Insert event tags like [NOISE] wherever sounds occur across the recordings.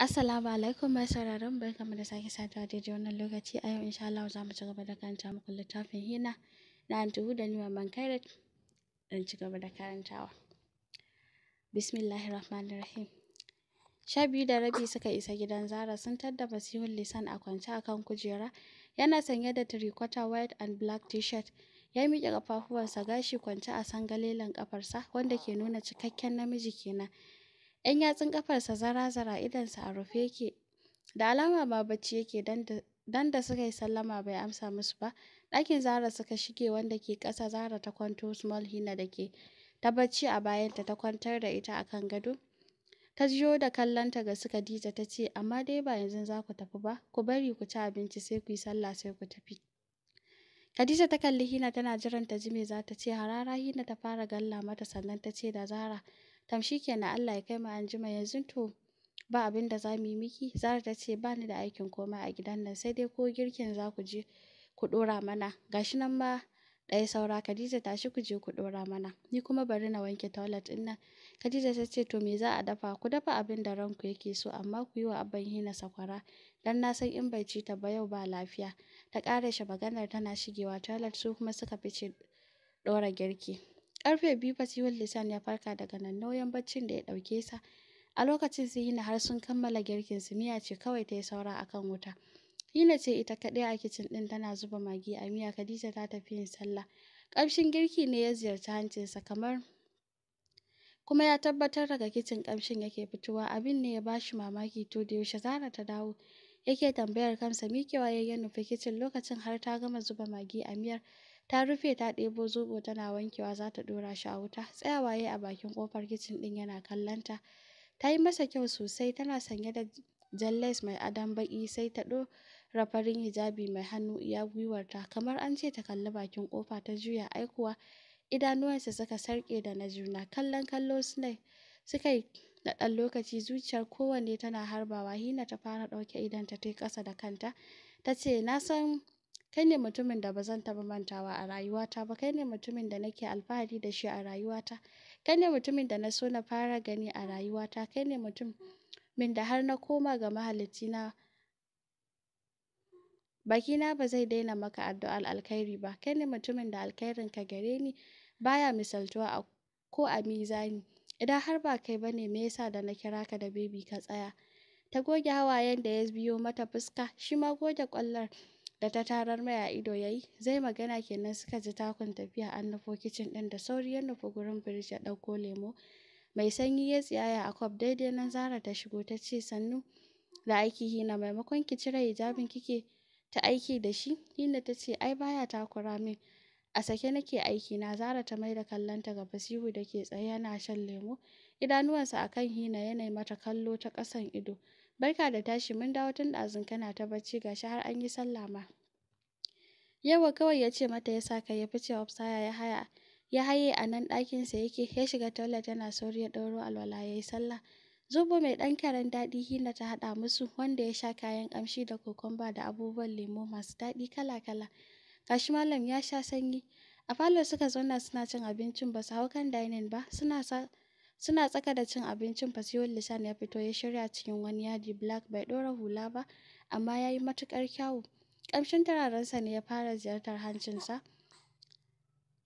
Assalamu alaikum mai sauraron barkamu da sake saduwa daidai wannan lokaci a yau insha Allah za mu ci gaba da karanta muku littafin hina na antuhu da niwa bankairat dan ci gaba da karantawa Bismillahirrahmanirrahim. Rahim Sha biyu da rabi suka isa gidan Zara sun tadda basihun lisan a kwance a kan kujera yana sanye da tirikwata white and black t-shirt ya miƙe ƙafafuwansa gashi kwance a sangalelan ƙafarsa wanda ke nuna cikakken namiji kenan 'yan yatsun kafarsa zara-zara idonsa a rufe yake da alama ba bacci yake dan da suka yi sallama bai amsa musu ba ɗakin zara suka shige wanda ke ƙasa zara ta kwanto small hina da ke ta bacci a bayanta ta kwantar da ita a kan gado ta jiyo da kallonta ga su Khadija ta ce amma dai ba yanzu za ku tafi ba ku bari ku ci abinci sai ku yi sallah sai ku tafi Khadija ta kalli Hina tana jiran ta ji me za ta ce harara Hina ta fara galla mata sannan ta ce da Zara tam shikenan Allah ya kai mu anjima yanzu to ba abin da za mu yi miki zara ta ce ba ni da aikin komai a gidan nan sai dai ko girkin za ku je ku ɗora mana gashi nan ma ɗaya saura Khadija tashi ku je ku ɗora mana ni kuma bari na wanke toilet ɗin nan Khadija ta ce to me za a dafa ku dafa abin da ranku yake so amma ku yi wa abban hina sakwara dan na san in bai ci ta ba yau ba lafiya ta ƙara shi maganar tana shigewa toilet su kuma suka fice ɗora girki Ƙarfe biyu ciwon Lisan ya farka daga nauyin baccin da ya ɗauke sa. A lokacin sai Hina har sun kammala girkin su miya ce kawai ta yi saura a kan wuta. Hina ce ita kaɗai a kicin ɗin tana zuba magi a miya Khadija ta tafi yin sallah. Ƙamshin girki ne ya ziyarci hancinsa kamar kuma ya tabbatar daga kicin ƙamshin yake fitowa abin ne ya ba shi mamaki to da yaushe Zara ta dawo yake tambayar kansa mikewa ya nufi kicin lokacin har ta gama zuba magi a miyar ta rufe ta ɗebo zobo tana wankewa za ta ɗora shi a wuta tsayawa yayi a bakin ƙofar kicin ɗin yana kallonta ta yi masa kyau sosai tana sanye da jallais mai adon baƙi sai ta ɗora farin hijabi mai hannu iya gwiwarta kamar an ce ta kalli bakin ƙofa ta juya aikuwa idanuwansa suka sarƙe da na juna kallon kallo suna suka yi na ɗan lokaci zuciyar kowanne tana harbawa hina ta fara ɗauke idan ta yi ƙasa da kanta ta ce na san Kai ne mutumin da ba zan taɓa mantawa a rayuwata ba. Kai ne mutumin da nake alfahari da shi a rayuwata. Kai ne mutumin da na so na fara gani a rayuwata. Kai ne mutumin da har na koma ga Mahaliccina bakina ba zai daina maka addu'ar alkhairi ba. Kai ne mutumin da ka gare ni baya misaltuwa ko a mizani. Idan har ba kai ba ne, me yasa da na kira ka da baby ka tsaya? Ta goge hawayen da ya biyo mata fuska, shi ma goge ƙwallon. da ta tarar maya a ido ya yi zai magana kenan suka ji takun tafiya an nufo kicin ɗin da sauri ya nufi gurin birji ya ɗauko lemo mai sanyi ya tsiyaya a kwaf daidai nan zara ta shigo ta ce sannu da aiki hina maimakon ki cire hijabin kike ta aiki da shi hina ta ce ai baya takura min a sake nake aiki na zara ta mai da kallon ta ga basiru da ke tsaye yana shan lemo idanuwansa akan hina yanayi mata kallo ta ƙasan ido Barka da tashi mun dawo tun ɗazun kana ta bacci gashi har an yi sallah ma. Yawa kawai ya ce mata ya sa ya fice saya ya haya ya haye a nan ɗakinsa yake ya shiga toilet yana sauri ya ɗauro alwala ya yi sallah. Zubo mai ɗan karen daɗi Hina ta haɗa musu wanda ya sha kayan ƙamshi da kokomba da abubuwan lemo masu daɗi kala-kala. Gashi malam ya sha sanyi. A falo suka zauna suna cin abincin ba su hau kan dining ba suna sa Suna tsaka da cin abincin Fasihun Lisan ya fito ya shirya cikin wani yadi black bai dora hula ba amma ya yi matuƙar kyawu. Ƙamshin turarensa ne ya fara ziyartar hancinsa.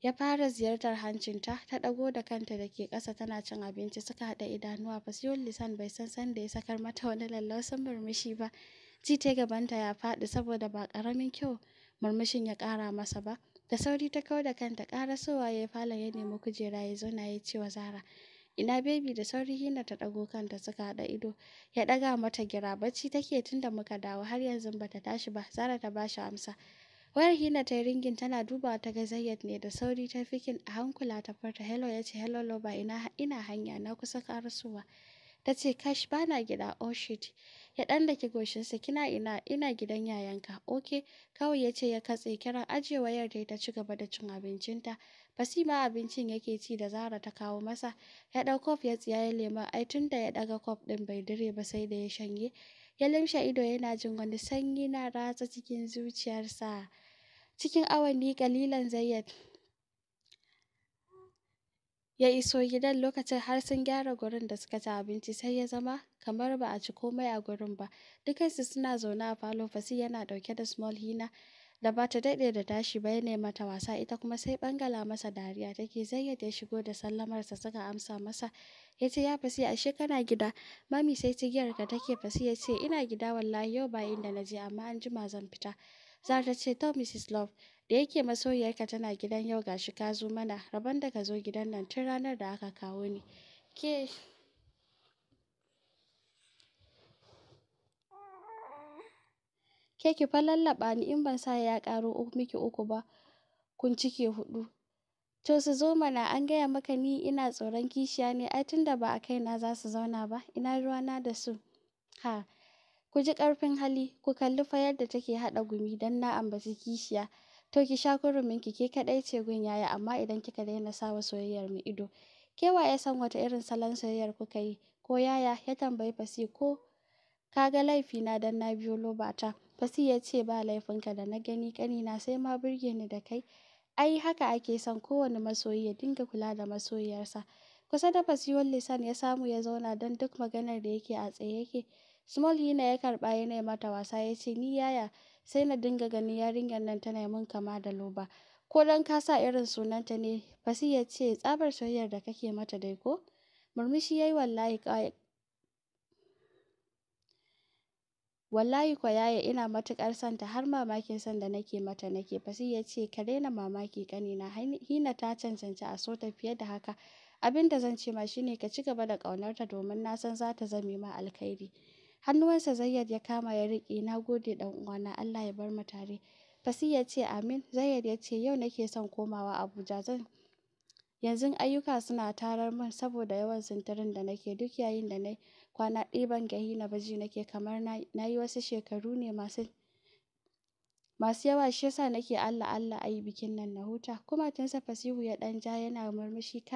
ya fara ziyartar hancinta ta ɗago da kanta da ke ƙasa tana cin abinci suka haɗa idanuwa fasihun lisan bai san sanda ya sakar mata wani lallausan murmushi ba ji ta gabanta ya faɗi saboda ba ƙaramin kyau murmushin ya ƙara masa ba da sauri ta kau da kanta ƙarasowa ya yi falon ya nemi kujera ya zauna ya ce wa zara ina baby da sauri hina ta ɗago kanta suka haɗa ido ya ɗaga mata gira bacci take tunda muka dawo har yanzu bata tashi ba zara ta bashi amsa wayar hina ta ringin tana dubawa ta ga zayyat ne da sauri ta fikin a hankula ta farta hello ya ce hello loba ina ina hanya na kusa karasuwa ta ce kash bana gida oh shit ya dan dake goshinsa kina ina ina gidan yayanka okay kawai ya ce ya katse kiran ajiye wayar ta ta ci gaba da cin abincinta ma abincin yake ci da Zara ta kawo masa, ya ɗau kof ya tsiyayi lemon, ai tun da ya ɗaga kof ɗin bai dire ba sai da ya shanye. Ya limshe ido yana jin wani sanyi na ratsa cikin zuciyarsa. Cikin awanni kalilan Zayyad ya iso gidan lokacin har sun gyara gurin da suka ci abinci sai ya zama kamar ba a ci komai a gurin ba dukansu suna zaune a falo fasi yana dauke da small hina da ba ta daɗe da tashi ba yana mata wasa ita kuma sai bangala masa dariya take zayyada ya shigo da sallamarsa suka amsa masa ya ce ya fasi ashe kana gida mami sai cigiyar ta take fasi ya ce ina gida wallahi yau ba inda na je amma an jima zan fita zata ta ce to mrs love da yake masoyiyarka tana gidan yau gashi ka zo mana rabon da ka zo gidan nan tun ranar da aka kawo ni ke ke ki fa lallaɓa ni in ban sa ya ƙaro miki uku ba kun cike huɗu to su zo mana an gaya maka ni ina tsoron kishiya ne ai tunda ba a kaina za su zauna ba ina ruwa na da su ha ku ji ƙarfin hali ku kalli fa yadda take haɗa gumi don na ambaci kishiya to ki sha kurumin ki ke kaɗai ce gun yaya amma idan kika daina sawa soyayyar mu ido ke waye ya san wata irin salon soyayyar kuka yi ko yaya ya tambayi fasi ko ka ga laifina don na biyo lobata fasi ya ce ba laifinka da na gani ƙanina sai ma burge ni da kai. Ai haka ake son kowane masoyi ya dinga kula da masoyiyarsa. Kusa da Fasihun Lisan ya samu ya zauna don duk maganar da yake a tsaye yake. Small Hina ya karɓa yana mata wasa ya ce ni yaya sai na dinga ganin yarinyar nan tana min kama da loba. Ko don ka sa irin sunanta ne fasi ya ce tsabar soyayyar da kake mata dai ko? Murmushi ya yi wallahi Wallahi kwa yaya ina matuƙar son ta har mamakin son da nake mata nake. fasi ya ce ka daina mamaki kanina Hina ta cancanci aso ta fiye da haka. Abin da zan ce ma shine ka ci gaba da ƙaunarta domin na san zata zame ma alkhairi. Hannuwansa Zayyad ya kama ya riƙe, na gode ɗan uwana Allah ya bar mu tare. Fasih ya ce amin. Zayyad ya ce yau nake son komawa Abuja zan Yanzu ayyuka suna tarar min saboda yawan sintirin da nake, duk yayin da na kwana ɗaya ban na baji nake kamar na yi wasu shekaru ne masu yawa shi ya nake Allah-Allah ayi bikin nan na huta. kuma sa Fasihu ya ɗan ja yana murmushi, shiga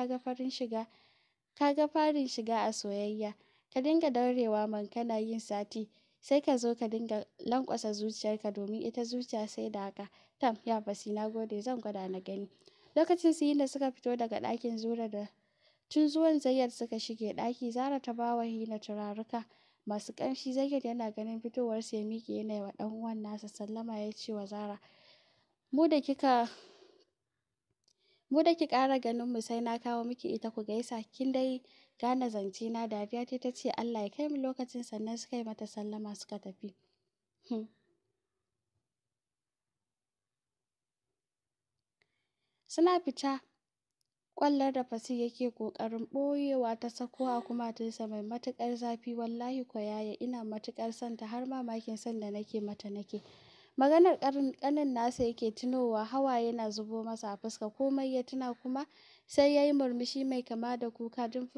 kaga farin shiga a soyayya, ka dinga daurewa man kana yin sati, sai ka zo ka dinga lanƙwasa zuciyarka domin ita zuciya sai da haka. Tam, ya Fasi na gode, zan gwada na gani. Lokacin da suka fito daga ɗakin Zura da tun zuwan zayyar suka shige ɗaki, Zara ta ba wa Hila turaruka masu ƙamshi. zayyar yana ganin fitowarsu ya miƙe yana yi wa ɗan uwan nasa sallama ya ce wa Zara, mu da kika ki ƙara ganin mu sai na kawo miki ita ku gaisa kin dai gane zance na dariya ta ta ce Allah ya kai mu lokacin sannan suka yi mata sallama suka tafi. Hmm. Suna fita, ƙwallar da fasi yake ƙoƙarin ɓoyewa ta sako a kumatunsa mai matuƙar zafi. Wallahi ko yaya ina matuƙar son ta har mamakin son da nake mata nake. Maganar ƙanin nasa yake tunowa, hawaye na zubo masa a fuska, komai ya tuna kuma sai ya yi murmushi mai kama da kuka dun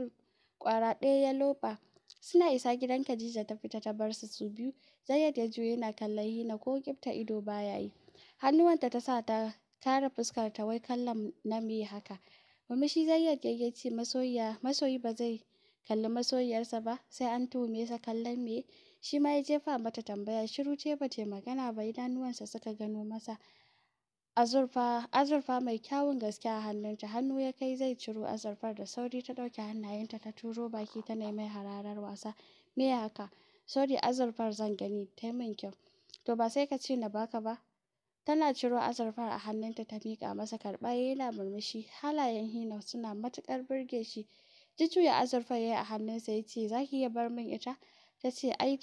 ƙwara ɗaya ya loɓa. Suna isa gidan Khadija ta fita ta bar su su biyu. Zayyad ya juyo yana kallon Hina ko kifta ido ba ya yi. Hannuwanta ta sa ta kare ta wai kallon na me haka. Murmushi shi zai yi gayyaci masoyiya masoyi ba zai kalli masoyiyarsa ba sai an tuhume sa kallon me shi ma ya jefa mata tambaya shiru ce ba ce magana ba idanuwansa suka gano masa azurfa azurfa mai kyawun gaske a hannunta hannu ya kai zai ciro azurfar da sauri ta ɗauke hannayenta ta turo baki ta nemi hararar wasa me haka sauri azurfar zan gani ta min kyau to ba sai ka ce na baka ba Tana ciro azurfar a hannunta ta miƙa masa karɓa ya yana murmushi. Halayen Hina suna matuƙar burge shi. ya azurfar ya yi a hannunsa ya ce, Za ki iya bar min ita? Ta ce, Ai,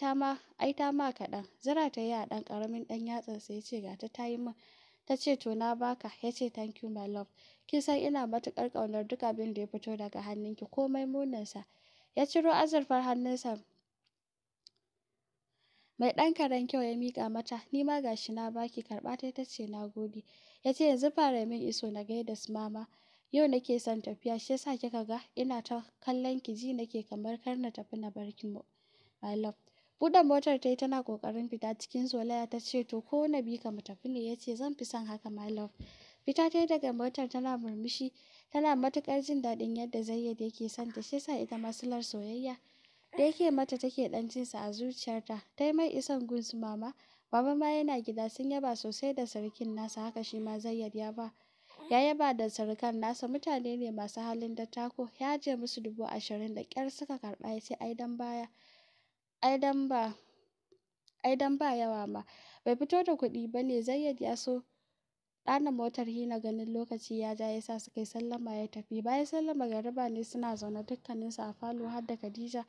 ta ma kaɗan. Zira ta yi a ɗan ƙaramin ɗan yatsansa ya ce, Ga ta ta yi min. Ta ce, To, na baka. Ya ce, Thank you, my love. Kin san ina matuƙar ƙaunar duk abin da ya fito daga hannunki, komai munansa Ya ciro azurfar hannunsa mai ɗan karen kyau ya miƙa mata, ni ma ga shi na ba ki, karɓa tai ta ce na gode. Ya ce yanzu fara min iso na gaida su mama, yau nake son tafiya shi yasa kika ga ina ta kallon ki ji nake kamar kar na tafi na bar ki my love. Buɗe motar ta yi tana ƙoƙarin fita cikin zolaya ta ce to ko na bi ka mu tafi ne ya ce zan fi son haka my love. Fita ta yi daga motar tana murmushi tana matuƙar jin daɗin yadda Zayyad yake son ta shi yasa ita ma silar soyayya. da yake mata take ɗan jinsa a zuciyarta ta mai isan gun su mama baba ma yana gida sun yaba sosai da sarkin nasa haka shi ma zayyar ya ba ya yaba da sarkan nasa mutane ne masu halin da tako ya je musu dubu ashirin da kyar suka karɓa ya ai dan baya ai dan ba ai dan ba yawa ma bai fito da kuɗi ba ne zayyad ya so ɗana motar hina ganin lokaci ya ja ya sa su kai sallama ya tafi bayan sallama gariba ne suna zaune dukkaninsu a falo har da khadija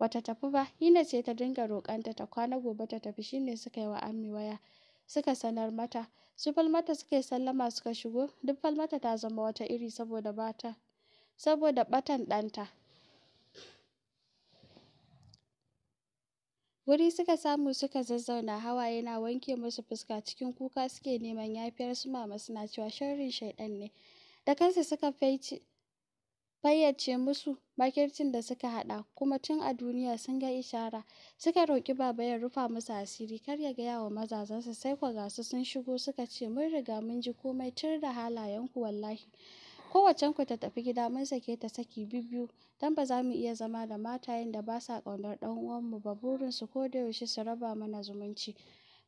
bata tafi ba Hina ce ta dinga roƙanta ta kwana gobe ta tafi shine suka yi wa Ammi waya suka sanar mata su Falmata suka yi sallama suka shigo duk Falmata ta zama wata iri saboda bata saboda batan ɗanta wuri suka samu suka zazzauna hawaye na wanke musu fuska cikin kuka suke neman yafiyar su mama suna cewa sharrin shaidan ne da kansu suka fayyace musu makircin da suka hada kuma tun a duniya sun ga ishara, suka roƙi Baba ya rufa musu asiri kar ya gaya wa mazazansa sai kwa ga su sun shigo suka ce mun riga mun ji komai tun da halayenku wallahi. ku ta tafi gida mun sake ta saki bibiyu dan ba za mu iya zama da matayen da ba sa dan ɗan mu ba burin su ko da yaushe su raba mana zumunci.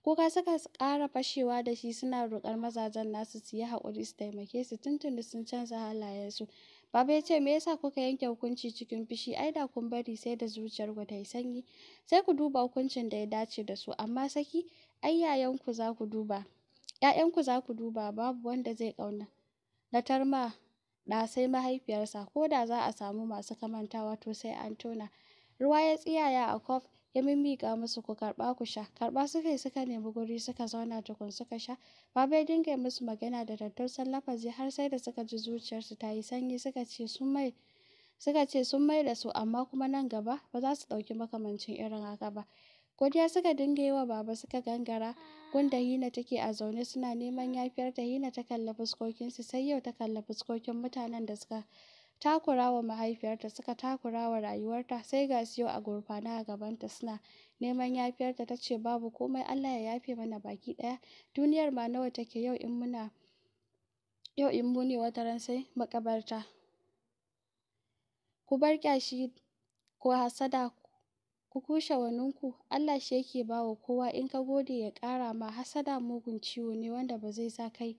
Kuka suka ƙara fashewa da shi suna roƙar mazajen nasu su yi haƙuri su taimake su tuntuni sun canza halayensu. Baba ya ce me yasa kuka yanke hukunci cikin fishi ai da kun bari sai da zuciyar ku ta yi sanyi sai ku duba hukuncin da ya dace da su amma saki ai yayanku za ku duba ku za ku duba babu wanda zai ƙauna Na tarma da sai mahaifiyarsa ko da za a samu masu kamantawa to sai an tona ruwa ya tsiyaya a kof ya mimmiƙa musu ku karɓa ku sha karɓa suka yi suka nemi guri suka zauna tukun suka sha baba ya dinga musu magana da daddausar lafazi har sai da suka ji zuciyarsu ta yi sanyi suka ce sun mai suka ce sun mai da su amma kuma nan gaba ba za su ɗauki makamancin irin haka ba godiya suka dinga yi wa baba suka gangara gunda hina take a zaune suna neman yafiyar ta hina ta kalla fuskokinsu sai yau ta kalli fuskokin mutanen da suka takurawa mahaifiyarta suka takurawa rayuwarta sai ga su a gurfana a gabanta suna neman yafiyarta ta ce babu komai Allah ya yafe mana baki ɗaya duniyar ma nawa take yau in muna yau in muni wata ran sai makabarta ku bar kyashi ko hasada ku kushe waninku Allah shi yake bawa kowa in ka gode ya kara ma hasada mugun ciwo ne wanda ba zai sa kai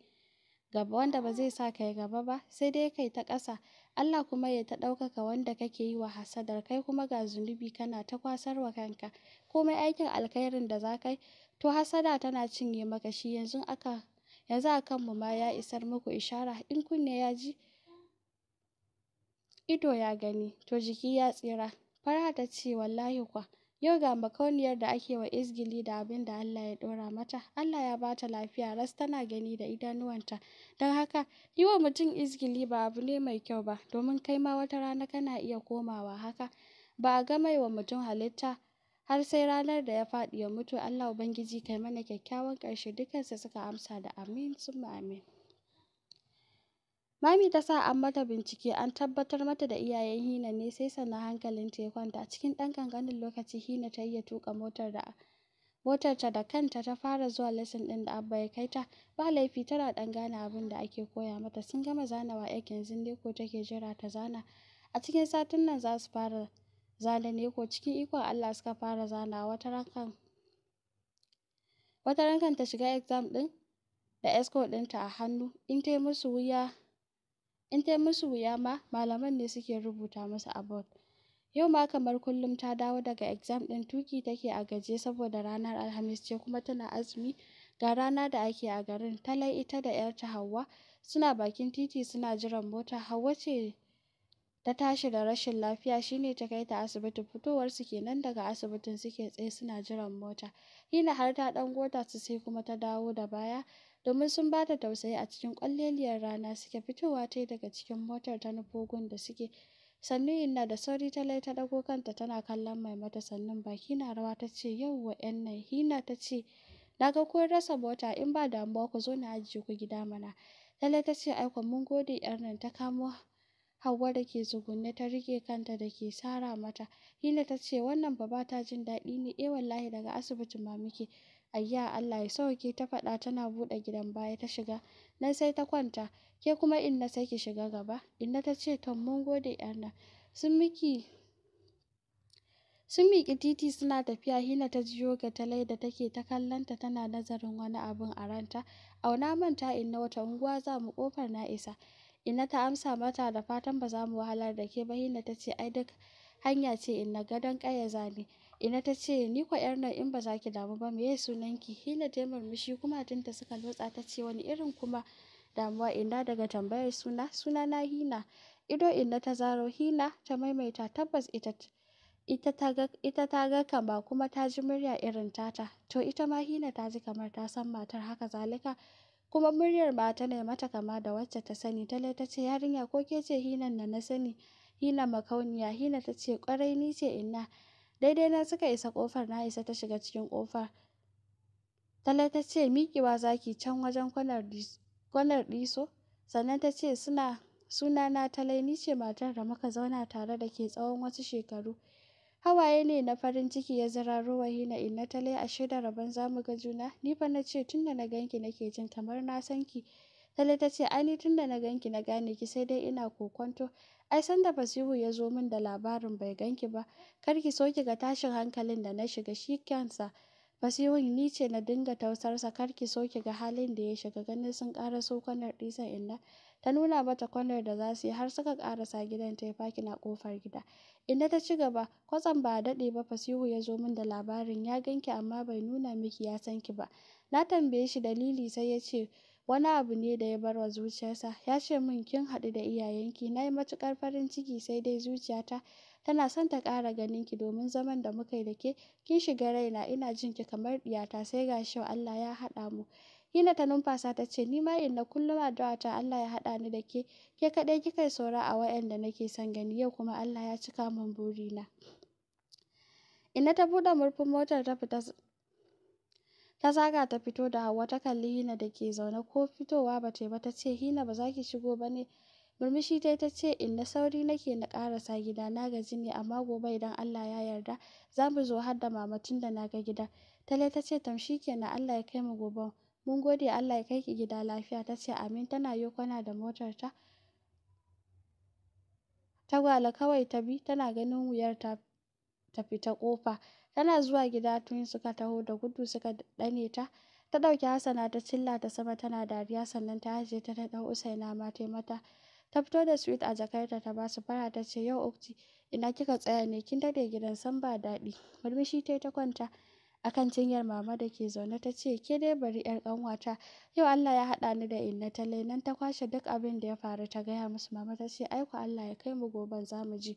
gaba wanda ba zai sa kai gaba ba sai dai kai ta ƙasa Allah kuma ya ta ɗaukaka wanda kake yi wa hasadar kai kuma ga zunubi kana ta kwasar wa kanka komai aikin alkhairin da za ka yi. to hasada tana cinye maka shi yanzu aka yanzu a kanmu ma ya isar muku ishara in kunne ya ji ido ya gani to jiki ya tsira Farha ta ce wallahi kwa Yau ga makauniyar da ake wa izgili da abin da Allah ya ɗora mata, Allah ya ba ta lafiya ras tana gani da idanuwanta, don haka yi wa mutum izgili ba abu ne mai kyau ba, domin kai ma wata rana kana iya komawa haka. Ba a gama yi wa mutum halitta har sai ranar da ya faɗi ya mutu. Allah Ubangiji kai mana kyakkyawan ƙarshe. dukansa suka amsa da amin summa amin. Mami ta sa an mata bincike an tabbatar mata da iyayen Hina ne sai sannan hankalinta ya kwanta. Cikin ɗan ƙanƙanin lokaci Hina ta iya tuƙa motar da motarta da kanta ta fara zuwa lesson ɗin da Abba ya kai ta. Ba laifi tana ɗan gane abin da ake koya mata. Sun gama zanawa ek yanzu Neko take jira ta zana. A cikin satin nan za su fara zana ko cikin ikon Allah suka fara zana wata rankan wata rankan ta shiga exam ɗin da esco ɗinta a hannu in ta yi musu wuya in ta musu wuya ma malaman ne suke rubuta musu a board yau ma kamar kullum ta dawo daga exam din tuki take a gaje saboda ranar alhamis ce kuma tana azumi ga rana da ake a garin talai ita da 'yarta hawa suna bakin titi suna jiran mota hawa ce ta tashi da rashin lafiya shine ta kai ta asibiti fitowar su kenan daga asibitin suke tsaye suna jiran mota hina har ta dan gota su sai kuma ta dawo da baya domin sun ba ta tausayi a cikin ƙwalleliyar rana suke fitowa ta daga cikin motar ta nufo da suke sannu inna da sauri ta lai ta ɗago kanta tana kallon mai mata sannun baki na rawa ta ce yauwa yan nan hina ta ce na ga kun rasa mota in ba damuwa ku zo na ajiye ku gida mana lalle ta ce aiko mun gode yar nan ta kamo Hauwa da ke zugunne ta rike kanta da ke sara mata. Hila ta ce wannan ba ta jin daɗi ne E, wallahi daga asibiti ma muke. ayya Allah ya sauke ta faɗa tana buɗe gidan baya ta shiga nan sai ta kwanta ke kuma inna sai ki shiga gaba inna ta ce to mun gode yarna sun miki sun miki titi suna tafiya hina ta jiyo ga talai da take ta kallanta tana nazarin wani abun a ranta auna manta inna wata unguwa za mu kofar na isa inna ta amsa mata da fatan ba za mu wahalar da ke ba hina ta ce ai duk hanya ce inna gadon kayyaza ne. Ina ta ce, Ni kwa ‘yar nan in ba za ki damu ba, meye sunanki? Hila ta murmushi kuma kumatunta suka lotsa ta ce, Wani irin kuma damuwa ina daga tambayar suna? suna na Hina. Ido ina ta zaro, Hina ta maimaita tabbas ita ita ta ga ka ba kuma ta ji murya irin tata. To ita ma Hina ta ji kamar ta san matar haka zalika. Kuma muryar mata ta ne mata kama da wacce ta sani. Talle ta ce, Yarinya ko ke ce Hinan na na sani? Hina makauniya. Hina ta ce, Ƙwarai ni ce Inna. Daidai na suka isa kofar na isa ta shiga cikin ƙofar. Talle ta ce miƙewa zaki can wajen kwanar ɗiso. Sannan ta ce suna na talai. ni ce matar da muka zauna tare da ke tsawon wasu shekaru. Hawaye ne na farin ciki ya ziraro Wahina inna tale ashe da rabon za ga juna. Ni fa na ce tun da na ganki nake jin kamar na san ki. Talai ta ce ai ni tunda na ganki na gane ki sai dai ina kokonto. ai sanda Basiru ya zo min da labarin bai ganki ba kar ki so ki ga tashin hankalin da na shiga shi kansa Basiru ni ce na dinga tausarsa kar ki so ki ga halin da ya shiga ganin sun ƙaraso kwanar ɗisan inna ta nuna mata kwanar da za su yi har suka ƙarasa gidan ta yi fakin a ƙofar gida inda ta ci gaba kwatsam ba daɗe ba fasihu ya zo min da labarin ya ganki amma bai nuna miki ya san ki ba na tambaye shi dalili sai ya ce wani abu ne da ya bar wa zuciyarsa. Ya ce min kin haɗu da iyayenki, na yi matuƙar farin ciki sai dai zuciyata tana son ta ƙara ganinki domin zaman da muka yi da ke kin shiga raina ina jin ki kamar ɗiyata sai ga shi Allah ya haɗa mu. Hina ta numfasa ta ce ni ma inna kullum addu'a ta Allah ya haɗa ni da ke, ke kaɗai kika saura a waɗanda nake son gani yau kuma Allah ya cika min burina. Inna ta buɗe murfin motar ta fita Ta zaga ta fito da Hauwa ta kalli Hina da ke zaune ko fitowa ba ta yi ba ta ce, Hina ba za ki shigo ba ne? Murmushi ta ta ce, Inna sauri nake na ƙarasa gida, na gaji ne amma gobe idan Allah ya yarda za mu zo har da mama tun da na ga gida. Tale ta ce, Tamshi kenan Allah ya kai mu gobe. Mun gode Allah ya kai ki gida lafiya ta ce, Amin tana yi da motar ta. Tagwale kawai ta bi tana ganin wuyar ta fita ƙofa. Tana zuwa gida tun suka taho da gudu suka ɗane ta. Ta ɗauki Hassana ta cilla ta sama tana dariya sannan ta ajiye ta ta ɗau Usaina ma ta mata. Ta fito da sweet a jakarta ta basu fara ta ce yau ukti ina kika tsaya ne kin daɗe gidan san ba daɗi. Murmushi tai ta kwanta akan cinyar mama da ke zaune ta ce ke dai bari yar ƙanwata yau Allah ya haɗa ni da inna ta nan ta kwashe duk abin da ya faru ta gaya musu mama ta ce "Aiku, Allah ya kai mu goben za ji.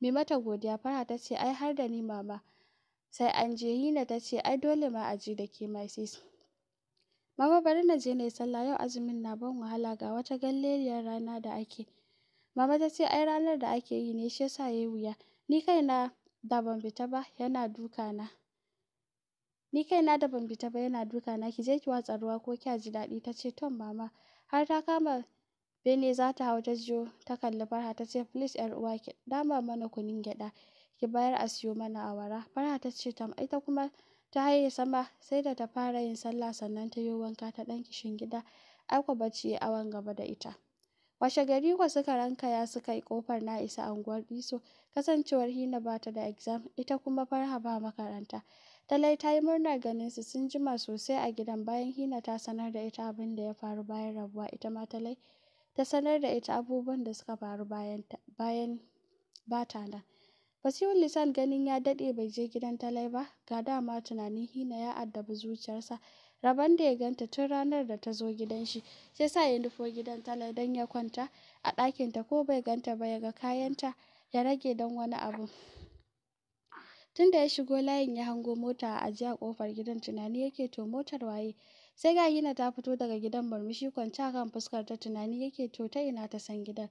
Mai mata godiya fara ta ce ai har da ni mama. Sai Angelina ta ce, ai dole ma a ji da ke my Mama bari na je nayi sallah yau azumin na ban wahala ga wata galleriyar rana da ake. Mama ta ce ai ranar da ake yi ne shi yasa yayi wuya. Ni kaina da ban fita ba yana duka na. Ni kaina da ban fita ba yana duka na ki je ki watsa ruwa ko kya ji daɗi ta ce tom mama har ta kama bene za ta hau ta jiyo ta kalli Farha ta ce please yar uwa ki dama mana kunun gyaɗa. ki bayar a siyo mana awara. Farha ta ce tam, ita kuma ta haye sama sai da ta fara yin sallah sannan ta yi wanka ta ɗan kishin gida Ai kuwa bacci ya gaba da ita. Washe gari kuwa suka ya suka yi kofar na isa anguwar Diso, kasancewar Hina ba ta da exam, ita kuma Farha ba makaranta. Talai ta yi murnar ganin su sun jima sosai a gidan bayan Hina ta sanar da ita abin da ya faru bayan rabuwa, ita ma Talai ta sanar da ita abubuwan da suka faru bayan ba ta nan. Basiru Lisan ganin ya daɗe bai je gidan Talai ba, ga dama tunanin Hina ya addabi zuciyarsa, rabon da ya ganta tun ranar da ta zo gidan shi, sai sa ya nufo gidan Talai don ya kwanta a ɗakinta ko bai ganta ba ya ga kayanta ya rage don wani abu. Tun da ya shigo layin ya hango mota a ajiye a ƙofar gidan tunani yake to motar waye? Sai ga Hina ta fito daga gidan murmushi kwance a fuskar ta tunani yake to ta ina ta san gidan.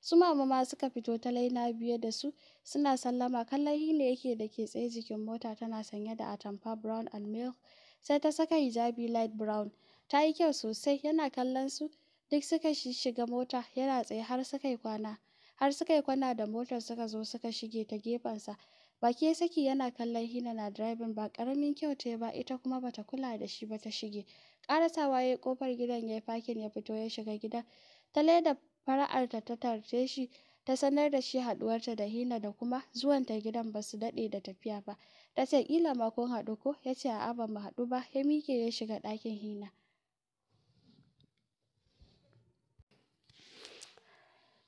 su mama ma suka fito ta laina biye da su suna sallama kallon hina yake da ke tsaye jikin mota tana sanye da atamfa brown and milk sai ta saka hijabi light brown ta yi kyau sosai yana kallon su duk suka shiga mota yana tsaye har suka yi kwana har suka yi kwana da motar suka zo suka shige ta gefensa baki ya saki yana kallon hina na driving ba karamin kyau ta ba ita kuma bata kula da shi ba ta shige karasawa ya kofar gidan ya fakin ya fito ya shiga gidan ta leda Fara'arta ta tarbe shi, ta sanar da shi haduwarta da Hina da kuma zuwanta gidan ba su daɗe da tafiya ba. Ta ce ƙila ma kun haɗu ko? Ya ce a'a ba mu haɗu ba, ya mike ya shiga ɗakin Hina.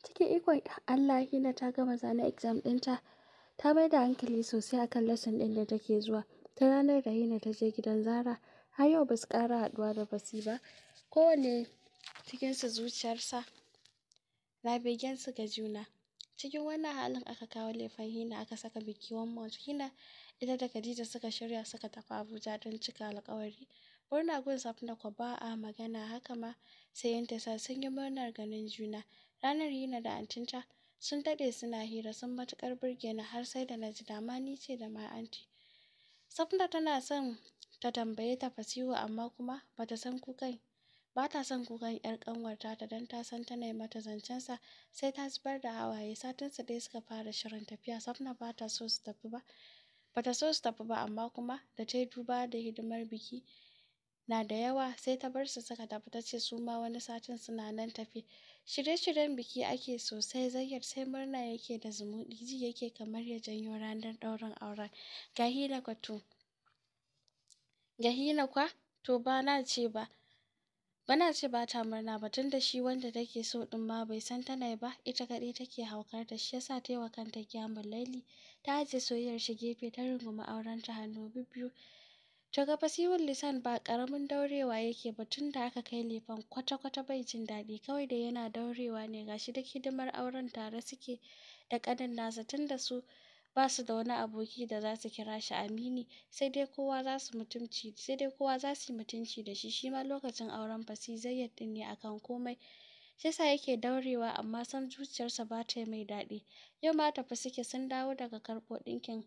Cikin ikon Allah Hina ta gama zane exam ɗinta, ta mai da hankali sosai akan lesson ɗin da take zuwa. Ta ranar da Hina ta je gidan Zara, har yau ba su ƙara haɗuwa da Basi ba. kowane cikinsu zuciyarsa Rabegensu ga juna. Cikin wannan halin aka kawo laifin Hina aka saka Biki One Hina ita da Khadija suka shirya suka tafi Abuja don cika alƙawari. Murna gun Safina kwaba ba a magana haka ma sai sa sun yi murnar ganin juna. Ranar Hina da antinta sun daɗe suna hira sun matuƙar burge ni har sai da na ji dama ni ce da ma anti. Safna tana son ta tambaye ta Fasihu amma kuma ba ta san kukai. Ba ta son kukan 'yar ƙanwarta don ta san tana yi mata zancensa sai ta zubar da hawaye. satin su ɗaya suka fara shirin tafiya. Safna ba ta so su tafi ba, ba ta so su tafi ba amma kuma da ta duba da hidimar biki na da yawa sai ta bar su suka tafi ta ce su ma wani satin suna nan tafe. Shirye-shiryen biki ake sosai. zayyar, sai murna yake da zumuɗi, ji yake kamar ya janyo ranar ɗaurin auren. Ga kwa to, ga hina kwa to ba na ce ba Bana ce ba ta murna ba da shi wanda take so din ma bai san tana ba, ita kaɗai take haukar ta shi yasa ta yi wa kanta kyamun laili, ta ajiye soyayyar shi gefe ta auren ta hannu bibbiyu. To ga fasihul lisan ba ƙaramin daurewa yake ba tun da aka kai lefen kwata-kwata bai jin daɗi kawai da yana daurewa ne gashi shi duk hidimar auren tare suke da ƙanin nasa da su ba su da wani aboki da za su kira shi amini sai dai kowa za su mutunci sai dai kowa za su yi mutunci da shi shi ma lokacin auren fasi zai din ne akan komai shi yasa yake daurewa amma san zuciyarsa ba ta mai daɗi yau ma tafi suke sun dawo daga karɓo ɗinkin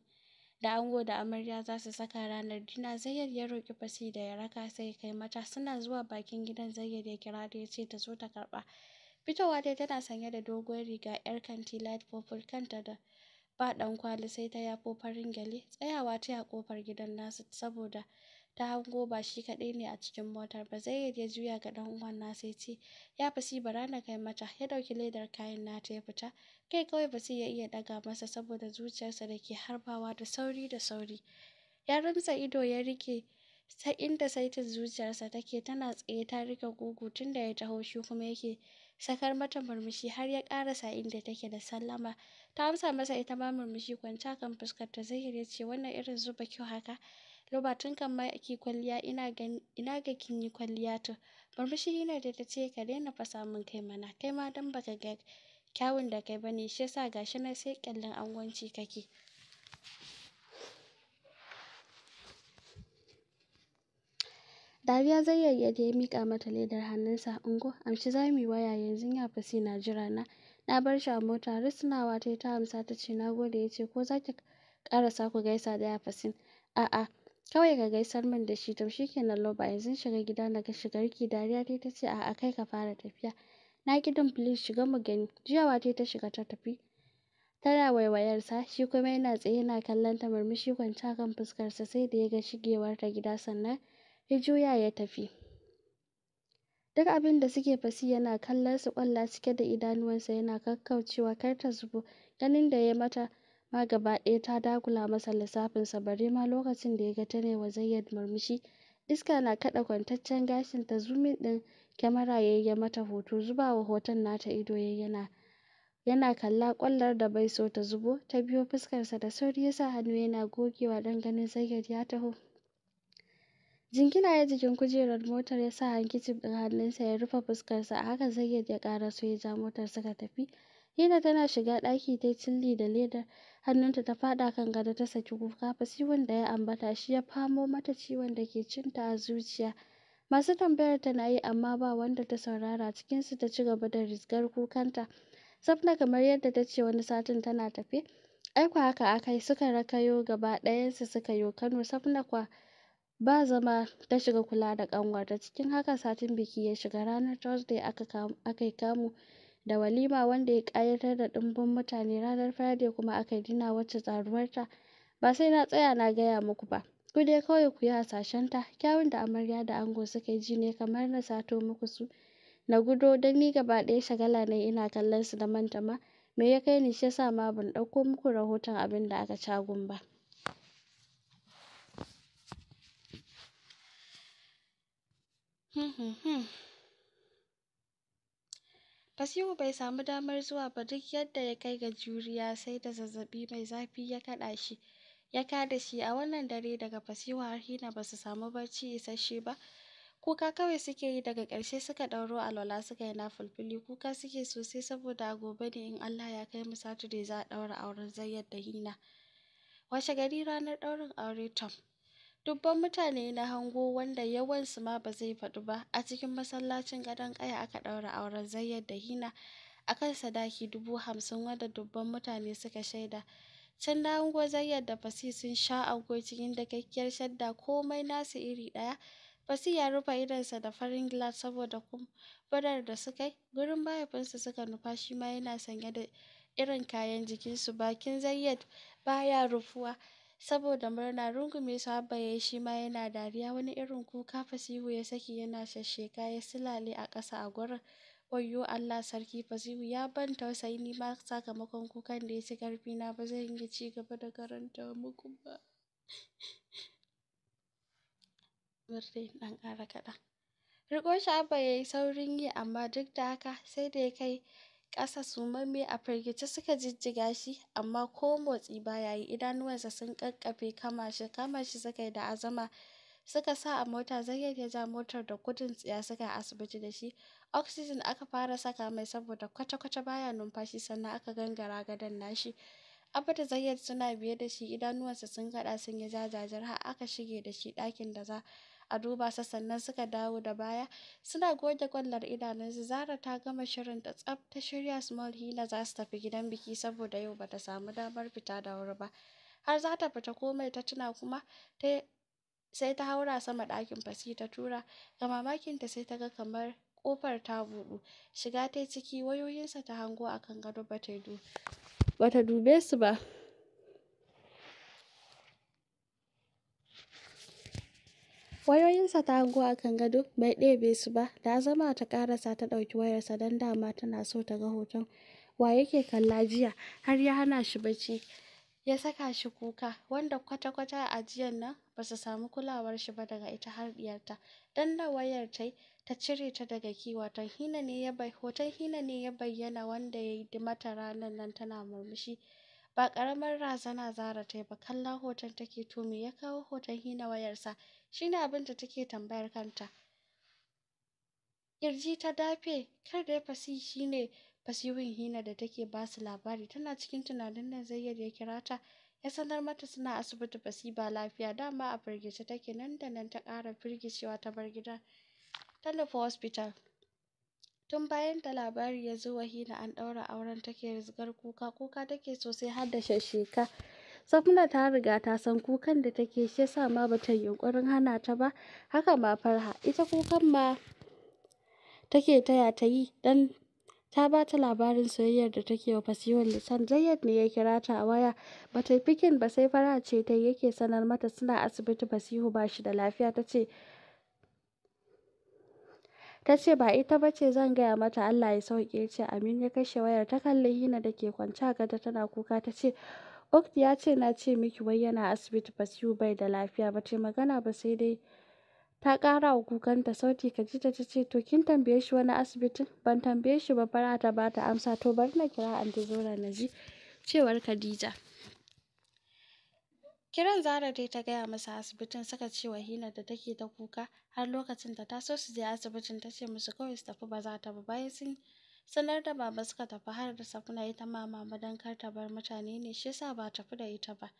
da ango da amarya za su saka ranar dina zayyar ya roƙi fasi da ya raka sai ya kai mata suna zuwa bakin gidan zayyar ya kira da ya ce ta zo ta karɓa fitowa dai tana sanye da doguwar riga yar kanti light purple kanta da ba ɗan kwali sai ta yafo farin gyale tsayawa ta yi ƙofar gidan nasu saboda ta hango ba shi kaɗai ne a cikin motar ba zai ya juya ga ɗan uwan nasa ya ce ya fasi bara na kai mata ya ɗauki ledar kayan nata ya fita kai kawai sai ya iya ɗaga masa saboda zuciyarsa da ke harbawa da sauri da sauri ya rumsa ido ya rike ta inda saitin zuciyarsa take tana tsaye ta rike gugu Tunda ya taho shi kuma yake sakar mata murmushi har ya sa inda take da sallama ta amsa masa ita ma murmushi kwanta kan fuskar ta zahir ya ce wannan irin zuba kyau haka loba tun kan ma ki kwalliya ina ga kin yi kwalliya to murmushi yana da ta ce ka daina fasa min kai mana kai ma dan baka ga kyawun da kai bane shi yasa gashi na sai kyallin angwanci kake Dariya zai yayyade ya miƙa mata ledar hannunsa. Ungo, amshi za mu yi waya yanzu ya fasi na jira na. Na bar shi a mota, risnawa ta yi ta amsa ta ce na gode ya ce ko za ki ƙarasa ku gaisa da ya fasin. A'a, kawai ka gaisar min da shi to shi kenan loba yanzu shiga gida na ga shigarki dariya ta ta ce a'a kai ka fara tafiya. Na gidan filin shiga mu gani. Jiyawa ta ta shiga ta tafi. Tana waiwayarsa shi kuma yana tsaye yana kallon ta murmushi kwance kan fuskarsa sai da ya ga shigewar ta gida sannan ya juya ya tafi. Duk abin da suke fasi yana kallon su ƙwalla cike da idanuwansa yana kakkaucewa kar ta zubo ganin da ya mata ma gaba ɗaya ta dakula masa lissafinsa bare ma lokacin da ya ga ta ne wa Zayyad murmushi iska na kaɗa kwantaccen gashin ta zumin ɗin kyamara ya mata hoto zuba wa hoton nata ido yana yana kalla ƙwallar da bai so ta zubo ta biyo fuskarsa da sauri ya sa hannu yana gogewa don ganin Zayyad ya taho. jingina ya jikin kujerar motar ya sa hankicin ɗin hannunsa ya rufe fuskarsa a haka zayyad ya ƙara so ya ja motar suka tafi hina tana shiga ɗaki ta cilli da ledar hannunta ta faɗa kan gado ta saki kuka ciwon da ya ambata shi ya famo mata ciwon da ke cinta a zuciya masu tambayar ta na yi amma ba wanda ta saurara cikinsu ta ci gaba da rigar kukanta safna kamar yadda ta ce wani satin tana tafe aiko haka akai suka rakayo gaba ɗayansu suka yo kano safna kwa ba zama ta shiga kula da ƙanwarta, cikin haka satin biki ya shiga. Ranar Thursday aka yi kamu da walima wanda ya ƙayatar da ɗimbin mutane, ranar Friday kuma aka yi dina wacce tsaruwarta ba sai na tsaya na gaya muku ba. Ku dai kawai ku yi hasashenta, kyawun da amarya da ango suka yi ji ne kamar na sato muku su. Na gudo don ni gaba ɗaya shagala ne ina kallon su da manta me ya kai ni shi ya sa ma ban ɗauko muku rahoton abin da aka cagun ba. fasihu bai samu damar zuwa ba duk yadda ya kai ga juriya sai da zazzaɓi mai zafi ya kaɗa shi ya kada shi a wannan dare daga Fasihu har Hina ba su samu barci isasshe ba. Kuka kawai suke yi daga ƙarshe suka ɗauro alwala suka yi fulfuli kuka suke sosai saboda a gobe ne in Allah ya kai mu Saturday za a ɗaura auren Zayyad da Hina. Washe gari ranar ɗaurin aure Tom dubban mutane na hango wanda yawansu ma ba zai faɗu ba a cikin masallacin gadon ƙaya aka ɗaura auren zayyad da hina a kan sadaki dubu hamsin wanda dubban mutane suka shaida can na hango zayyad da fasi sun sha ango cikin dakakkiyar shadda komai nasu iri ɗaya fasi ya rufe idonsa da farin gilas saboda kumburar da suka yi gurin mahaifinsa suka nufa shi ma yana sanye da irin kayan jikinsu bakin zayyad baya rufuwa Saboda murna, rungume su Abba ya shi ma yana dariya, wani irin kuka Fasihu ya saki yana shasheka ya silale a ƙasa a gurin. Wayyo Allah sarki Fasihu ya ban tausayi ni ma sakamakon kukan da ya ci na ba zan yi ci gaba da karanta muku ba. [LAUGHS] Bari dan ƙara kaɗan. riko shi Abba saurin yi amma duk da haka sai da ya kai ƙasa mamme a firgice suka jijjiga shi, amma ko motsi ba ya yi, idanuwansa sun ƙaƙƙafe kama shi, kama shi suka yi da azama suka sa a mota, Zayyad ya ja motar da gudun tsiya suka yi asibiti da shi. Oxygen aka fara saka mai saboda kwata-kwata baya numfashi sannan aka gangara gadon nashi. abata da Zayyad suna biye da shi, idanuwansa sun kada sun yi jajajar har aka shige da shi ɗakin da za a duba sa sannan suka dawo da baya suna goge kwallar idanunsu zara ta gama shirin ta tsaf ta shirya small hila za su tafi gidan biki saboda yau bata samu damar fita da wuri ba har za ta fita komai ta tuna kuma ta sai ta haura sama ɗakin fasi ta tura ga mamakinta sai ta ga kamar kofar ta buɗu shiga ta ciki wayoyinsa ta hango akan gado bata dube su ba Wayoyinsa ta hango a kan gado bai ɗebe su ba, da azama ta ƙarasa ta ɗauki wayarsa don dama tana so ta ga hoton wa yake kalla jiya har ya hana shi bacci ya saka shi kuka wanda kwata-kwata a jiyan nan ba su samu kulawar shi ba daga ita har diyarta. Dan da wayar ta ta cire ta daga kiwa, ta hina ne ya hoton hina ne ya bayyana wanda ya yi mata ranar nan tana murmushi. Ba ƙaramar razana Zara ta yi ba, kallon hoton take to me ya kawo hoton hina wayarsa, shi ne abin da take tambayar kanta. Kirji ta dafe, kar da ya fasi shi ne hina da take ba su labari, tana cikin tunanin nan yadda ya kira ta, ya sanar mata suna asibiti fasi ba lafiya, dama a firgice take nan da nan ta ƙara firgicewa ta bar gida. Ta hospital. tun bayan da labari ya zo wa an ɗaura auren take rizgar kuka kuka take sosai har da shasheka safina ta riga ta san kukan da take shi yasa ma bata yunkurin hana ta ba haka ma Farha ita kukan ma take taya ta yi dan ta ba ta labarin soyayyar da take wa Fasihun Lisan Zayyad ne ya kira ta a waya bata fikin ba sai fara ce ta yake sanar mata suna asibiti Fasihu ba shi da lafiya ta ce. ta ce ba ita ba ce zan gaya mata Allah ya sauke ce amin ya kashe wayar ta kalli hina da ke kwance a gada tana kuka ta ce Ukti ya ce na ce miki wai yana asibiti Basiru bai da lafiya ba ce magana ba sai dai ta ƙara wa kukanta sauti ji ta ce to kin tambaye shi wani asibitin ban tambaye shi ba fara ta ba ta amsa to bari na kira anti zo na ji cewar Khadija. Kiran Zara dai ta gaya masa asibitin suka ce wa Hina da take ta kuka har lokacin da ta so su je asibitin ta ce musu kawai su tafi ba za ta ba bayan sun sanar da baba suka tafi har da safuna ita ma mama don kar ta bar mutane ne shi yasa ba tafi da ita ba.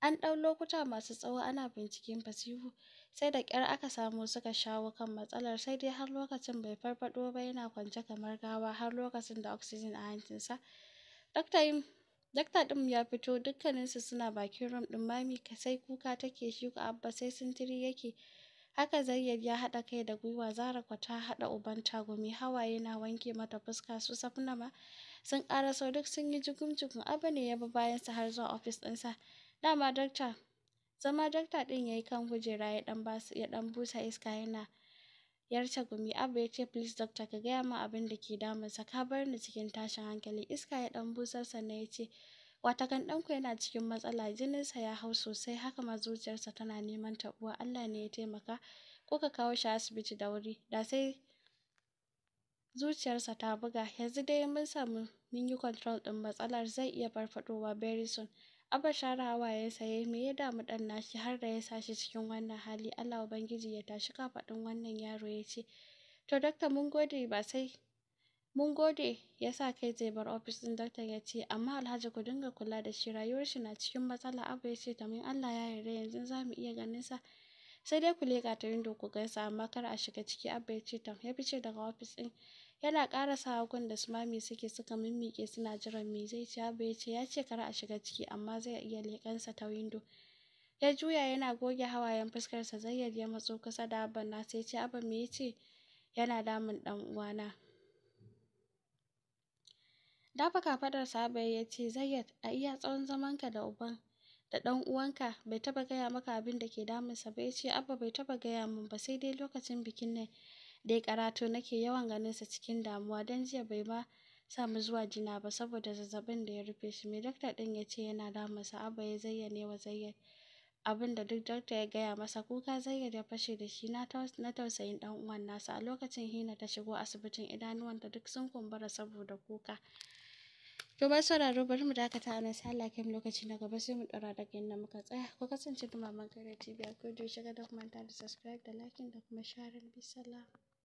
An ɗau lokuta masu tsawo ana binciken Fasihu sai da ƙyar aka samu suka shawo kan matsalar sai dai har lokacin bai farfaɗo ba yana kwance kamar gawa har lokacin da oxygen a hancinsa. Dakta dakta ɗin ya fito dukkaninsu suna bakin rum ɗin mami ka sai kuka take shi ku abba sai sintiri yake haka zayyar ya haɗa kai da gwiwa zara ku ta haɗa uban tagumi hawaye na wanke mata fuska su safna ma sun ƙaraso duk sun yi jugum-jugum abu ne ya bi bayan su har zuwa ofis ɗinsa dama dakta zama dakta ɗin yayi kan kujera ya ɗan busa iska yana yarta gumi abu ya ce please doctor ka gaya min abin da ke damunsa ka bar ni cikin tashin hankali iska ya dan busar sannan ya ce watakan ɗanku yana cikin matsala jininsa ya hau sosai haka ma zuciyarsa tana neman taɓuwa Allah ne ya taimaka ko ka kawo shi asibiti da wuri da sai zuciyarsa ta buga yanzu dai mun samu mun yi control ɗin matsalar zai iya farfadowa very soon Abba shara hawayensa ya saye me ya damu ɗan nashi har da ya sa shi cikin wannan hali Allah Ubangiji ya tashi kafaɗin wannan yaro ya ce to dakta mun gode ba sai mun gode ya sa kai zai bar ofis ɗin dakta ya ce amma alhaji ku dinga kula da shi rayuwar shi na cikin matsala Abba ya ce tamin Allah ya yarda yanzu za mu iya ganin sa sai dai ku leƙa ta windo ku gaisa amma kar a shiga ciki Abba ya ce ta ya fice daga ofis ɗin Yana ƙara gun da su Mami suke suka mimmiƙe suna jiran me zai ce abu ya ce ya ce kar a shiga ciki amma zai iya leƙensa ta windo. Ya juya yana goge hawayen fuskarsa Zayyad ya matso kusa da Abban nasa ya ce Abba me ya ce yana damun ɗan uwana. Dafa sa, Abba ya ce Zayyad a iya tsawon zamanka da uban da ɗan uwanka bai taɓa gaya maka abin da ke damunsa ba ya ce Abba bai taɓa gaya min ba sai dai lokacin bikin nan da ya nake yawan ganin sa cikin damuwa dan jiya bai ma mu zuwa jina ba saboda zazzabin da ya rufe shi mai dakta ɗin ya ce yana sa abba ya zayyane wa zayyan abin da duk dakta ya gaya masa kuka zayyan ya fashe da shi na tausayin dan uwan nasa a lokacin hina ta shigo asibitin idanuwanta duk sun kumbura saboda kuka To ba sauraro bari mu dakata a nan sai Allah kai lokaci na gaba sai mu dora daga inda muka tsaya. Ku kasance da Maman Kare TV a koda shiga da manta da subscribe da liking da kuma sharing. Bisalam.